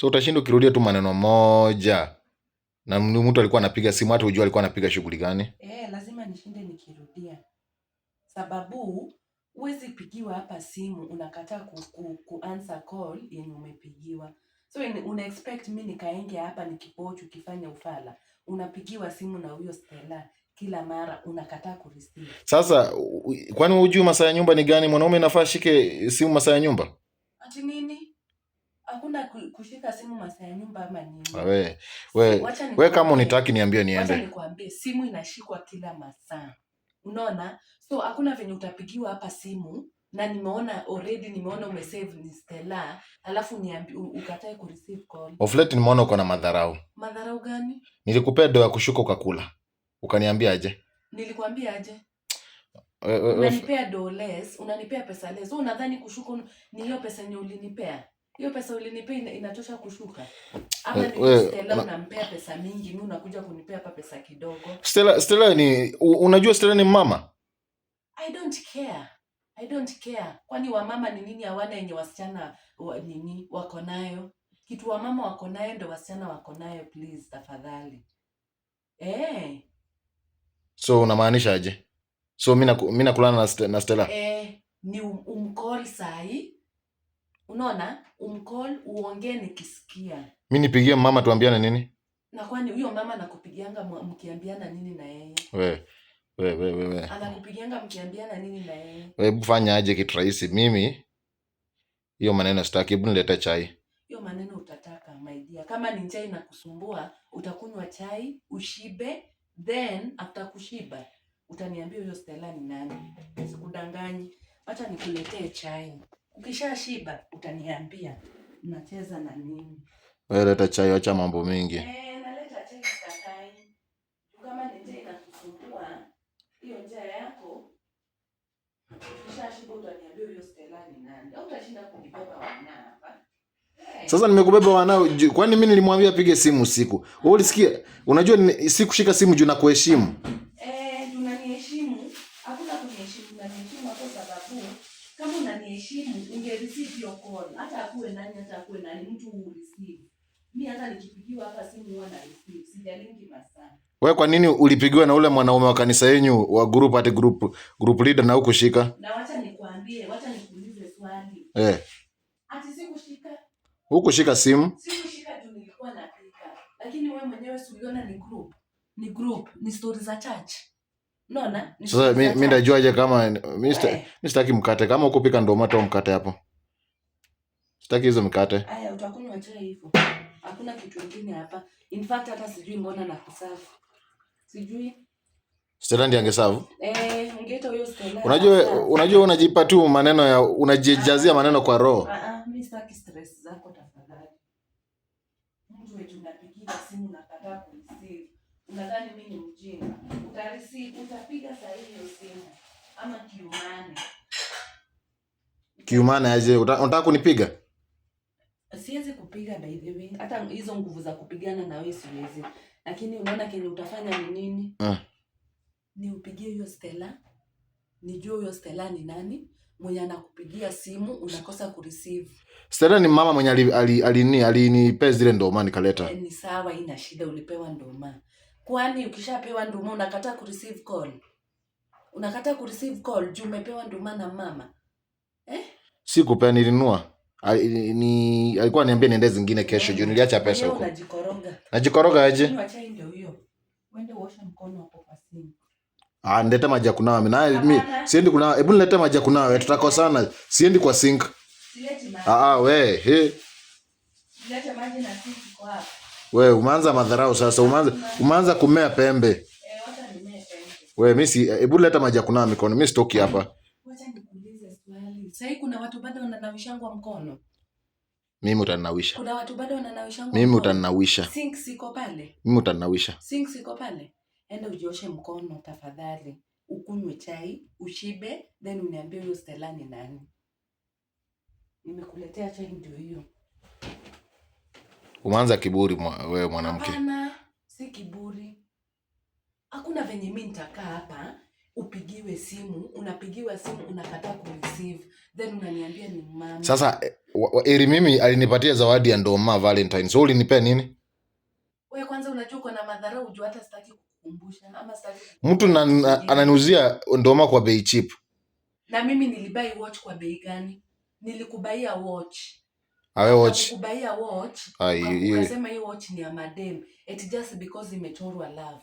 So utashindwa ukirudia tu maneno moja, na mtu alikuwa anapiga simu, hata ujua alikuwa anapiga shughuli gani. Eh, lazima nishinde nikirudia, sababu huwezi pigiwa hapa simu unakataa ku, ku, ku answer call yenye umepigiwa. So una expect mimi nikaenge hapa nikipochu kifanya ufala, unapigiwa simu na huyo Stella kila mara unakataa kureceive. Sasa kwani hujui masaa ya nyumba ni gani? Mwanaume inafaa shike simu masaa ya nyumba ati nini? Hakuna kushika simu masaa ya nyumba ama nini. Wewe ah, wewe kama unitaki niambie niende. Wacha nikwambie simu inashikwa kila masaa. Unaona? So hakuna venye utapigiwa hapa simu na nimeona already nimeona umesave ni Stella, alafu niambi ukatae ku receive call. Of late nimeona uko na madharau. Madharau gani? Nilikupea dawa ya kushuka ukakula. Ukaniambia aje? Nilikwambia aje? Unanipea dollars, unanipea pesa less. unadhani kushuka ni hiyo pesa yenye ulinipea? hiyo pesa ulinipea ina, inatosha kushuka ama eh, ni eh, Stella unampea pesa mingi, mimi unakuja kunipea hapa pesa kidogo. Stella Stella ni unajua Stella ni mama. I don't care. I don't care. Kwani wamama ni nini? Hawana yenye wasichana wa, nini wako nayo? Kitu wamama wako nayo ndio wasichana wako nayo, please tafadhali. Eh. So unamaanisha aje? So mimi mimi nakulana na Stella. Eh, ni umcall um, Unaona, umcall uongee nikisikia. Mimi nipigie mama tuambiane nini? Na kwani huyo mama anakupigianga mkiambiana nini na yeye? Wewe wewe wewe. Anakupigianga mkiambiana nini na yeye? Wewe fanya aje kitrahisi mimi? Hiyo maneno sitaki, hebu nileta chai. Hiyo maneno utataka my dear. Kama ni chai kusumbua utakunywa chai, ushibe, then after kushiba utaniambia huyo Stella ni nani. Sikudanganyi. Acha nikuletee chai. Ukisha shiba utaniambia unacheza na nini. Wewe leta chai, acha mambo mingi. Eh, naleta chai kakai. Kama ni chai inakusumbua, hiyo njia yako. Ukisha shiba utaniambia hiyo Stella ni nani? Au utashinda kunibeba wana hapa? Eh. Sasa nimekubeba wanao, kwani mimi nilimwambia apige simu usiku. Wewe ulisikia? Unajua sikushika simu juu na kuheshimu. Wewe kwa nini ulipigiwa na ule mwanaume wa kanisa yenyu wa group at group group leader na hukushika? Na wacha nikwambie, wacha nikuulize swali. Eh. Ati sikushika. Hukushika simu? Sikushika tu nilikuwa napika. Lakini wewe mwenyewe si uliona ni group. Ni group, ni stories za church. Unaona? Sasa mimi ndajuaje kama mimi eh. sitaki mkate kama ukupika ndio umatoa mkate hapo. Sitaki hizo mkate. Aya, utakunywa chai hivyo. Hakuna kitu kingine hapa. In fact hata sijui mbona na kusafu. Sijui. Stella ndiye angesafu? Eh, ungeita huyo Stella. Unajua unajua unajipa tu maneno ya unajijazia maneno kwa roho. Ah ah, mimi sitaki stress zako tafadhali. Mtu wetu unapigia simu unakataa kunisiri. Unadhani mimi ni mjinga. Utarisi utapiga saa hiyo simu ama kiumane. Kiumane aje? Unataka kunipiga? kupiga by the way. Hata mm. hizo nguvu za kupigana na wewe siwezi, lakini unaona kile utafanya ni nini? Ah, ni upigie hiyo Stella, nijue hiyo Stella ni nani mwenye anakupigia simu unakosa kureceive. Stella ni mama mwenye alini ali, ali, ali, ali, alinipea zile ndoma nikaleta. E, Ni sawa, ina shida, ulipewa ndoma. Kwani ukishapewa nduma unakataa kureceive call? Unakataa kureceive call juu umepewa nduma na mama eh? Sikupea, nilinua ni alikuwa niambia niende zingine kesho juu niliacha pesa huko. Najikoroga aje? Ah, ndete maji ya kunawa mimi. Mimi siendi kunawa. Hebu nilete maji ya kunawa, tutakosana. Siendi kwa sink. Ah ah, we, he. Nilete maji na sink kwa hapa. We, umeanza madharau sasa, umeanza umeanza kumea pembe. Eh, wacha nimee pembe. We, mimi si, eh, hebu leta maji ya kunawa mikono. Mimi sitoki hapa sahi kuna watu bado wananawishangwa mkono. Mimi utanawisha. Kuna watu bado wananawishangwa. Mimi utanawisha. Sink siko pale. Mimi utanawisha. Sink siko pale. Enda ujioshe mkono tafadhali. Ukunywe chai, ushibe, then uniambie huyo Stella ni nani. Nimekuletea chai ndio hiyo. Umeanza kiburi wewe mwanamke. Hapana, si kiburi. Hakuna venye mimi nitakaa hapa upigiwe simu, unapigiwa simu, unakataa kureceive, then unaniambia ni mama. Sasa ili eh, mimi alinipatia zawadi ya ndoma Valentine, so ulinipea nini? Wewe kwanza unajua na madhara, unajua hata sitaki kukukumbusha ama sitaki mtu ananiuzia ndoma kwa bei cheap. Na mimi nilibai watch kwa bei gani? Nilikubaia watch Awe watch. Nilikubaia watch. Ukasema hii watch ni ya madem. It just because imechorwa love.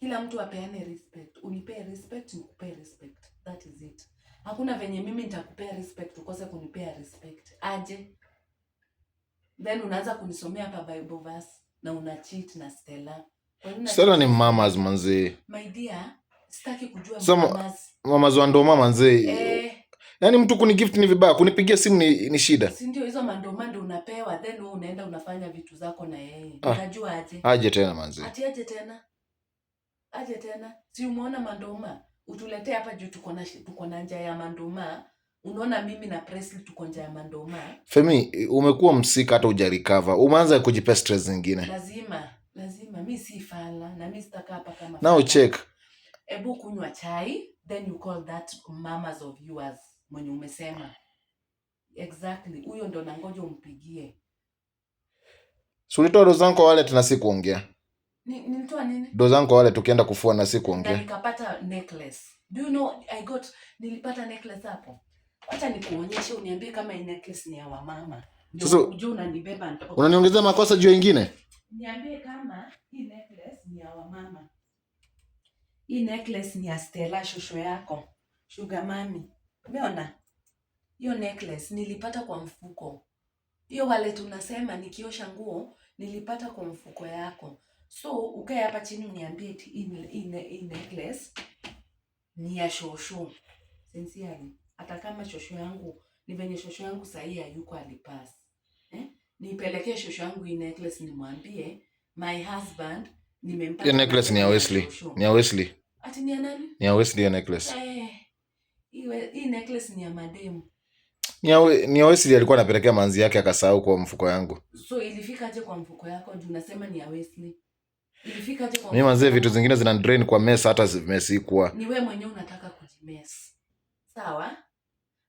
kila mtu apeane respect, unipee respect, nikupee respect, that is it. Hakuna venye mimi nitakupea respect ukose kunipea respect, aje? Then unaanza kunisomea hapa Bible verse na una cheat na Stella. Stella ni mamas manzi, my dear, sitaki kujua so, mamas mamas wa ndo mama nzee eh. Yaani mtu kunigift ni vibaya, kunipigia simu ni, ni shida. Si ndio hizo mandomando unapewa then wewe unaenda unafanya vitu zako na yeye. Ah, unajua aje? Aje tena manzi. Ati aje tena. Aje tena, si umeona mandoma utuletee hapa juu, tuko na tuko na njaa ya mandoma. Unaona mimi na Presley tuko njaa ya mandoma. Femi, umekuwa msika hata hujarecover, umeanza kujipa stress zingine. Lazima lazima, mi si fala na mimi sitakaa hapa kama now. Check, ebu kunywa chai, then you call that mamas of yours mwenye umesema exactly. Huyo ndo nangoja umpigie, Sulitoa ulitoa rozanko wale tena kuongea Nilitoa zangu wale tukienda kufua na si kuongea. Nikapata necklace. Do you know I got nilipata necklace hapo. Acha nikuonyeshe uniambie kama necklace ni ya wamama. unajua unanibeba Unaniongezea makosa juu wengine? Niambie kama hii necklace ni ya wamama. Hii necklace ni ya Stella shosho yako. Sugar mami. Umeona? Hiyo necklace nilipata kwa mfuko. Hiyo wale tunasema nikiosha nguo nilipata kwa mfuko yako. So ukae hapa chini uniambie in, in, in necklace ni ya shosho. Sincerely, hata kama shosho yangu ni venye shosho yangu sahii hayuko alipas Eh? Nipelekee shosho yangu hii necklace nimwambie my husband nimempa Hiyo necklace ni ya Wesley. Ni ya Wesley. Ati ni ya nani? Ni ya Wesley ya necklace. Eh. eh, eh. Hii necklace ni ya mademu. Ni ya Wesley alikuwa anapelekea manzi yake akasahau kwa mfuko yangu. So ilifika aje kwa mfuko yako? Ndio unasema ni ya Wesley. Mi mazee, vitu zingine zina drain kwa mesa, hata zimesikwa. Ni wewe mwenyewe unataka kujimesa, sawa?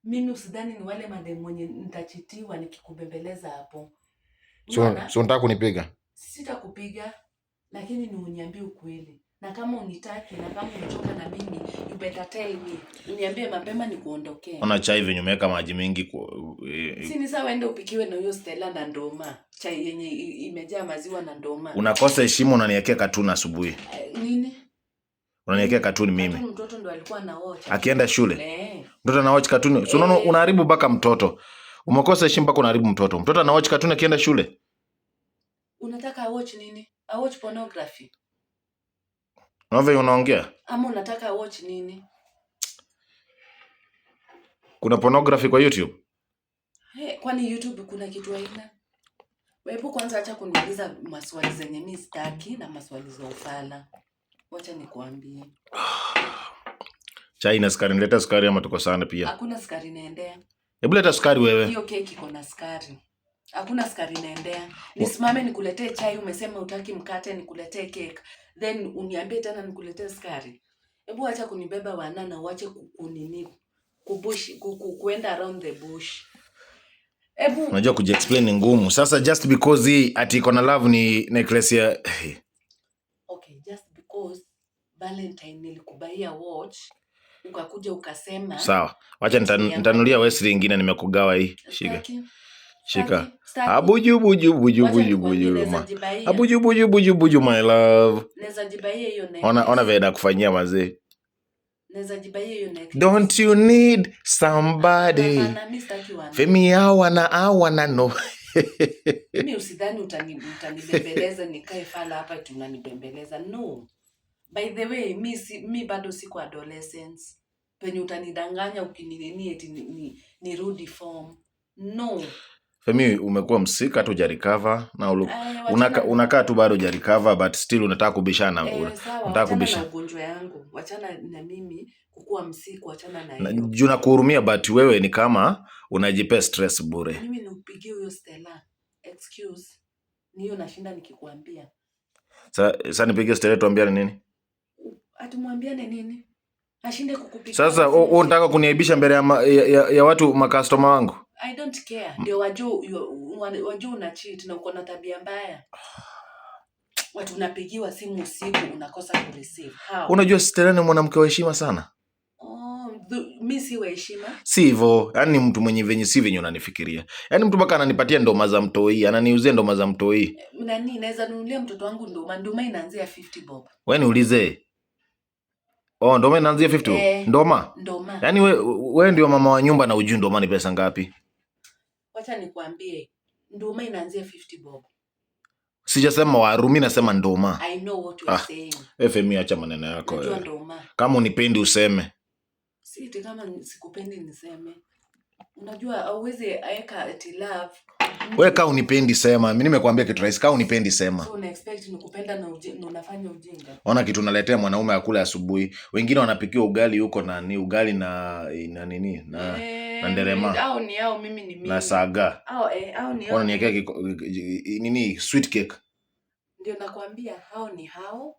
Mimi usidhani ni wale madem mwenye nitachitiwa nikikubembeleza hapo. So, so unataka kunipiga? Sitakupiga, lakini ni uniambie ukweli na kama unitaki na kama unachoka na mimi you better tell me, uniambie mapema nikuondokee. Ona chai venye umeweka maji mengi kwa si ni sawa, ende upikiwe na huyo Stella na ndoma, chai yenye imejaa maziwa na ndoma. Unakosa heshima, unaniwekea katuni asubuhi. Eh, nini unaniekea katuni mimi? Mtoto ndo alikuwa anaocha akienda shule ne. Eh. Mtoto anaocha katuni, so unaona eh. unaharibu mpaka mtoto. Umekosa heshima mpaka unaharibu mtoto. Mtoto anaocha katuni akienda shule, unataka aoch nini? Aoch pornography Unavyo unaongea? Ama unataka watch nini? Kuna pornography kwa YouTube? Hey, kwani YouTube kuna kitu aina? Hebu kwanza acha kuniuliza maswali zenye mimi sitaki na maswali za ufala. Wacha nikuambie. Chai na sukari, nileta sukari ama tuko sana pia. Hakuna sukari inaendea. Hebu leta sukari wewe. Hiyo keki iko na sukari. Hakuna sukari inaendea. Nisimame nikuletee chai, umesema utaki mkate nikuletee keki then uniambie tena nikuletee skari. Hebu acha kunibeba wana na uache kunini kubush kuenda around the bush. Hebu unajua kujiexplain ni ngumu. Sasa just because hii ati iko na love ni necklace ya eh. Okay, just because Valentine nilikubaia watch ukakuja ukasema sawa, wacha nitanulia Westry ingine, nimekugawa hii shika. Chika. abuju buju buju buju buju ma abuju buju buju buju my love. Naweza jibaia hiyo necklace. Ona ona vile nakufanyia mazee. Naweza jibaia hiyo necklace. Don't you need somebody? Femi awa na awa na no. Mimi usidhani utanibembeleza nikae fala hapa tunanibembeleza. No. By the way, mimi si, mi bado siko adolescence. Penye utanidanganya ukinilini eti nirudi ni, form. No. Femi, umekuwa msika tu jarikava na ulu, eh, Ay, unaka, unakaa tu bado jarikava but still unataka kubishana eh, unataka kubishana ugonjwa yangu, wachana na mimi kukuwa msiku, wachana na hiyo juu na but wewe ni kama unajipea stress bure. Mimi niupigie huyo Stella excuse, niyo nashinda nikikwambia. Sasa sasa nipigie Stella, tuambiane nini? Atumwambiane nini? Ashinde kukupigia sasa. Unataka kuniaibisha mbele ya, ya, ya, ya watu makastoma wangu I don't care. Mm. Ndio wajua wajuu una cheat na uko na tabia mbaya. Watu unapigiwa simu usiku unakosa ku receive. How? Unajua Stella ni mwanamke wa heshima sana. Oh, si hivyo. yani mtu mwenye venye si venye unanifikiria. Yani mtu mpaka ananipatia ndoma za mtoi, ananiuzia ndoma za mtoi. Nani naweza nunulia mtoto wangu ndoma? Ndoma inaanzia 50 bob. Wewe niulize. Oh, ndoma inaanzia 50 bob. Eh, ndoma. Ndoma. Yani wewe we ndio mama wa nyumba na ujui ndoma ni pesa ngapi? wacha nikuambie nduma inaanzia 50 bob. Sijasema Warumi, nasema nduma. I know what you are ah. saying. Femi, acha maneno yako. Eh. Kama unipendi useme. Si kama sikupendi niseme. Unajua auwezi aeka ati love wewe kaa unipendi sema. Mimi nimekuambia kitu rahisi, kaa unipendi sema. So, una nikupenda na unafanya ujinga. Ona kitu naletea mwanaume akule asubuhi. Wengine wanapikiwa ugali huko na ni ugali na na nini? Na na eh, nderema. Au ni au mimi ni mimi. Na saga. Au eh, au ni au. Ona niwekea nini sweet cake. Ndio nakwambia hao ni hao,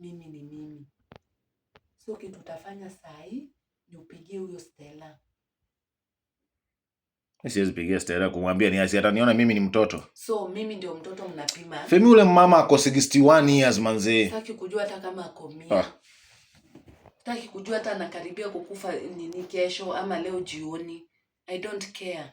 mimi ni mimi. So kitu utafanya saa hii ni upigie huyo Stella. Siwezi pigia Stella kumwambia ni asi ataniona mimi ni mtoto. So mimi ndio mtoto mnapima. Femi yule mama ako 61 years manzee. Sitaki kujua hata kama ako mia. Ah. Sitaki kujua hata anakaribia kukufa nini kesho ama leo jioni. I don't care.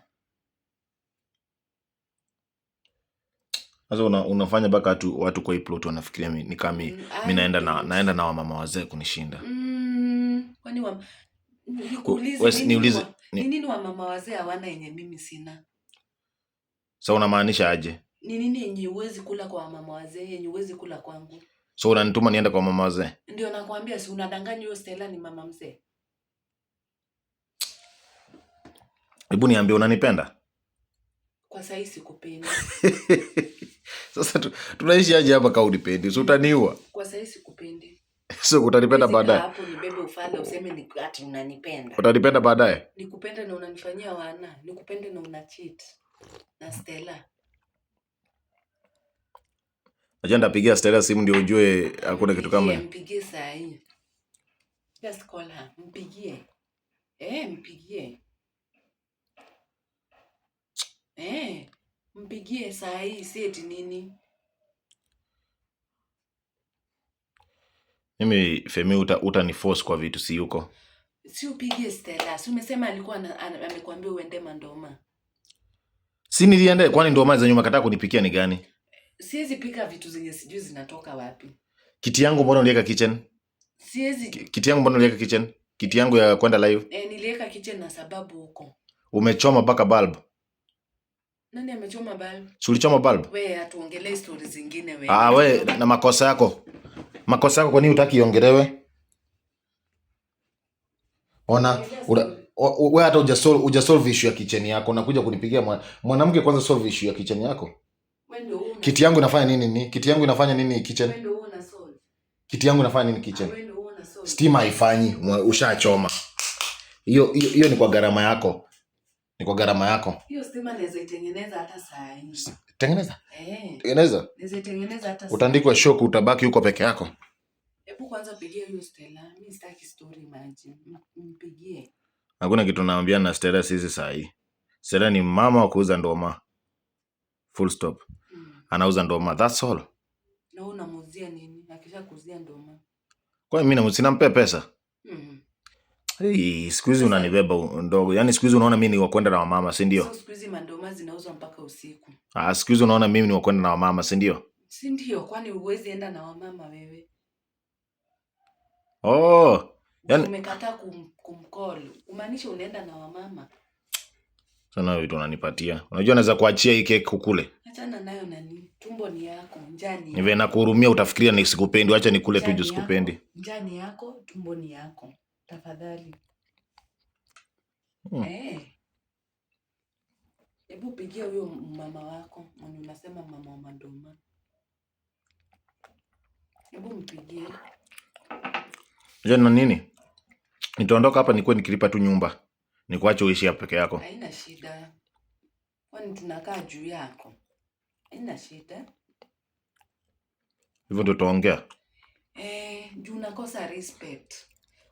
Sasa una, unafanya mpaka watu watu kwa plot wanafikiria mimi ni kama mimi mm, naenda na naenda na wamama wazee kunishinda. Mm, kwani wa niulize ni nini wamama wazee hawana yenye mimi sina? So unamaanisha aje? Ni nini yenye uwezi kula kwa wamama wazee yenye uwezi kula kwangu? So unanituma nienda kwa mama wazee? Ndio nakwambia, si unadanganya. Hiyo Stella ni mama mzee. Hebu niambie, unanipenda kwa sahii? Sikupendi. Sasa tunaishi aje hapa kama unipendi? utaniua? Kwa sahii sikupendi. So utanipenda baadaye. Hapo nibebe Utanipenda baadaye. na unanifanyia wana. na una cheat. Na Stella. ndapigia Stella simu ndio ujue hakuna kitu kama hiyo. Mpigie saa hii. Just call her. Mpigie. Eh, mpigie. Eh, mpigie saa hii seti nini? Mimi Femi uta, uta ni force kwa vitu si yuko. Si upigie Stella. Si umesema alikuwa amekuambia uende Mandoma. Si niliende kwani ndoma za nyuma kataa kunipikia ni gani? Siwezi pika vitu zenye sijui zinatoka wapi. Kiti yangu mbona uliweka kitchen? Siwezi. Kiti yangu mbona uliweka kitchen? Kiti yangu ya kwenda live. Eh, niliweka kitchen na sababu huko. Umechoma mpaka bulb. Nani amechoma bulb? Si ulichoma bulb? Wewe atuongelee stories zingine wewe. Ah, wewe na makosa yako makosa yako, kwa nini utaki iongelewe? Ona wewe hata hujasolve hujasolve issue ya kitchen yako, unakuja kunipigia mwanamke. Kwanza solve issue ya kitchen yako. Kiti yangu inafanya nini? Ni kiti yangu inafanya nini kitchen? Kiti yangu inafanya nini kitchen? Stima haifanyi, ushachoma. Hiyo hiyo ni kwa gharama yako ni kwa gharama yako. Hiyo stima naweza itengeneza hata saa hii. Tengeneza? Eh. Tengeneza? Naweza itengeneza hata saa. Utaandikwa shock utabaki huko peke yako. Hebu kwanza pigie Stella. Mimi sitaki story Mpigie. Hakuna kitu naambia na Stella sisi saa hii. Stella ni mama wa kuuza ndoma. Full stop. Mm. Anauza ndoma, that's all. Na nini? Akisha kuuzia ndoma. Kwa mimi Sinampea pesa. Hey, siku hizi unanibeba ndogo, yaani siku hizi unaona mimi ni wakwenda na wamama, si ndio? So siku hizi mandoma zinauzwa mpaka usiku, Ah, siku hizi unaona mimi ni wakwenda na wamama, si ndio? si ndio? Kwani huwezi enda na wamama wewe? Oh, yaani umekataa kum, unaenda na wamama? sana unanipatia. Unajua naweza kuachia hii keki ukule. Achana nayo tumbo ni yako, njaa nakuhurumia utafikiria ni sikupendi, acha nikule tu juu sikupendi. yako, tumbo ni yako tafadhali. Hmm. Eh. Hebu Pigia huyo mama wako mwenye unasema mama wa mandoma, hebu mpigie. Je, na nini? Nitaondoka hapa nikuwe nikilipa tu nyumba, nikuache uishi hapa peke yako. Haina shida, kwani tunakaa juu yako. Haina shida, hivyo ndio tutaongea eh, juu unakosa respect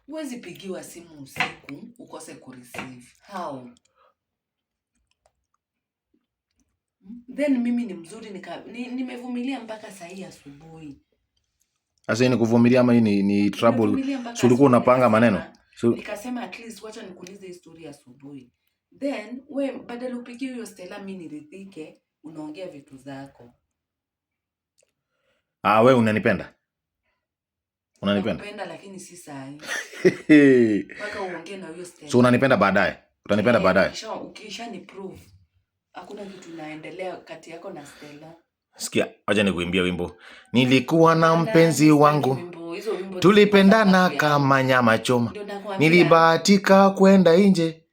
Huwezi pigiwa simu usiku ukose kureceive. How? Then mimi ni mzuri nika, ni, nimevumilia mpaka saa hii asubuhi. asa ni kuvumilia ama hii ni, ni trouble? ulikuwa unapanga maneno? Nikasema at least wacha nikuulize historia asubuhi. Then we badala upigie huyo Stella mimi niridhike, unaongea vitu zako. Ah, we unanipenda? Unanipenda? Unanipenda lakini si saa hii. Mpaka uongee na huyo Stella. So unanipenda baadaye? Utanipenda eh, baadaye? Ukishaniprove hakuna kitu inaendelea kati yako na Stella. Sikia, wacha nikuimbia wimbo. Nilikuwa na mpenzi wangu tulipendana kama nyama choma, nilibahatika kwenda nje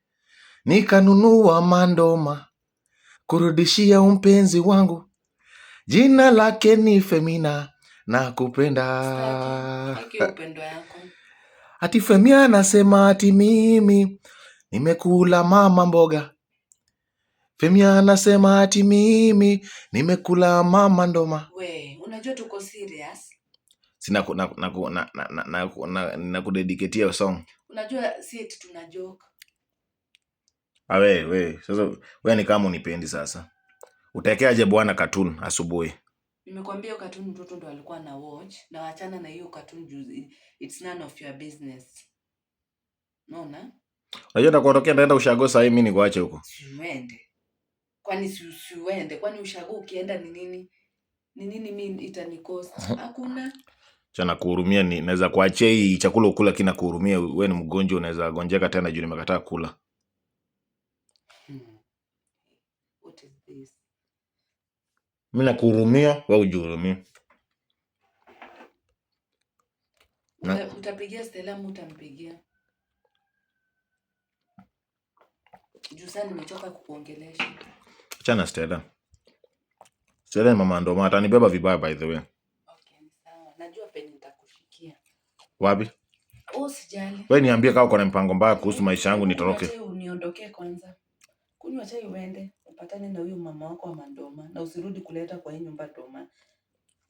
nikanunua mandoma kurudishia mpenzi wangu, jina lake ni Femina nakupenda. Ati Femia anasema ati mimi nimekula mama mboga. Femia anasema ati mimi nimekula mama ndoma. We, unajua tuko serious. Sina na, na, na, na, na, na, na, hiyo song. Unajua si eti tuna joke. Awe, ah, we, sasa ni kama unipendi sasa. Utaekeaje bwana katun asubuhi? Nimekwambia katuni mtoto ndo alikuwa na watch na wachana na hiyo katuni juzi. It's none of your business. Unaona? Unajua nakuondokea naenda ushago sasa, hii mimi nikuache huko. Siuende. Kwani si usiuende? Kwani ushago ukienda ni nini? Ni nini mimi itanikost? Hakuna. Cha nakuhurumia ni naweza kuachia hii chakula ukula kina kuhurumia wewe ni mgonjwa unaweza gonjeka tena juu nimekataa kula. Hmm. mi nakuhurumia, we ujihurumia. utapigia Stella ama utampigia? jusa sasa nimechoka kukuongelesha. chana Stella. Stella ni mama ndoma, atanibeba vibaya by the way. Okay, sawa. Najua penye nitakushikia. Wapi? Wewe oh, usijali. Wewe niambie kama uko na mpango mbaya kuhusu maisha yangu nitoroke. Uniondokee kwanza. Kunywa chai uende upatane na huyu mama wako wa mandoma na usirudi kuleta kwa hii nyumba doma.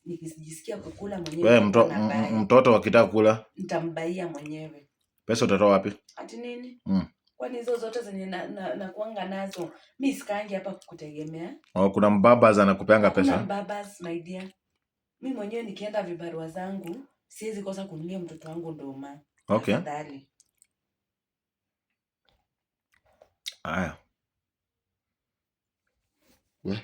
Nikijisikia kukula mwenyewe. Wewe mto, mtoto akitaka kula nitambaia mwenyewe. Pesa utatoa wapi? Ati nini? Mm. Kwani hizo zote zenye na, na, na, kuanga nazo mi sikaangi hapa kukutegemea. Oh, kuna mbabas anakupanga pesa. Kuna mbabas my dear. Mi mwenyewe nikienda vibarua zangu siwezi kosa kununia mtoto wangu ndoma. Okay. Aya. We.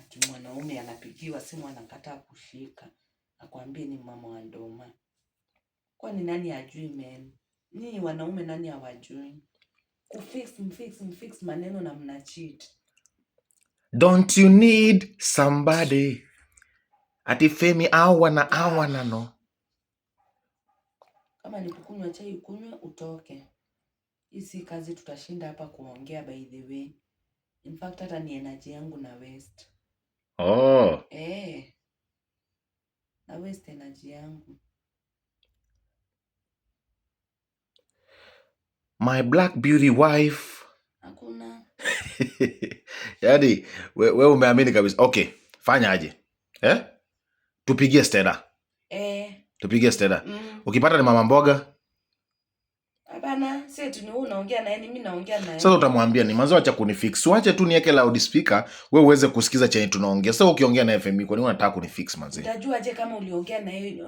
Ati mwanaume anapigiwa simu anakataa kushika. Akwambie ni mama wa ndoma. Kwani nani ajui men? Ni wanaume nani hawajui? Kufix, mfix, mfix maneno na mna cheat. Don't you need somebody? Ati Femi awana awana no. Kama ni kukunywa chai kunywa utoke. Hii si kazi tutashinda hapa kuongea by the way. In fact hata ni energy yangu na waste. Oh. Eh. Na waste energy yangu. My black beauty wife. Hakuna. Yaani wewe we umeamini kabisa. Okay, fanya aje. Eh? Tupigie Stella. Eh. Tupigie Stella. Mm. Ukipata ni mama mboga Bana, sasa tu ni wewe unaongea na yeye, mimi naongea na Sasa utamwambia ni manzo, acha kunifix. Wache tu niweke loud speaker, wewe uweze kusikiza chenye tunaongea. Sasa ukiongea na FM, kwa nini unataka kunifix mazee? Utajua je kama uliongea na yeye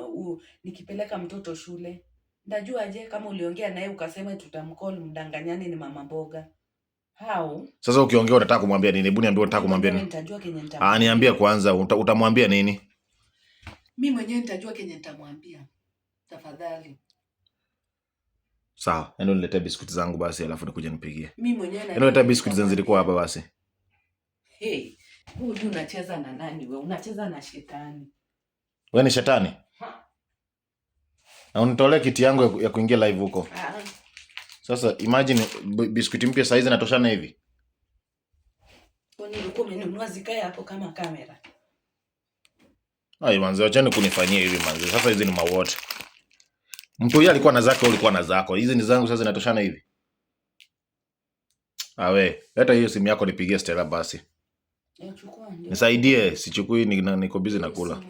nikipeleka mtoto shule? ndajua je kama uliongea na yeye ukasema tutamcall mdanganyani ni mama mboga? Hao. Sasa ukiongea unataka kumwambia nini? Hebu niambie unataka kumwambia nini? Nitajua kenye nitamwambia. Ah, niambie kwanza utamwambia nini? Mimi mwenyewe nitajua kenye nitamwambia. Tafadhali. Sawa, yaani uniletea biskuti zangu basi, alafu nikuja nipigie. Mimi mwenyewe yaani biskuti zangu zilikuwa hapa basi. Hey, unacheza na nani wewe? Unacheza na shetani. Wewe ni shetani? Na kiti yangu ya kuingia live huko. Ah, ah. Sasa imagine biskuti mpya saizi natoshana hivi. Kwani ulikuwa umenunua zikae hapo kama kamera? Ai manzi, wachani kunifanyia hivi manzi. Sasa hizi ni mawote. Mtu huyo alikuwa na zake, ulikuwa na zako. Hizi ni zangu sasa, zinatoshana hivi. Awe, leta hiyo simu yako nipigie Stella basi. Nisaidie, sichukui, niko busy kula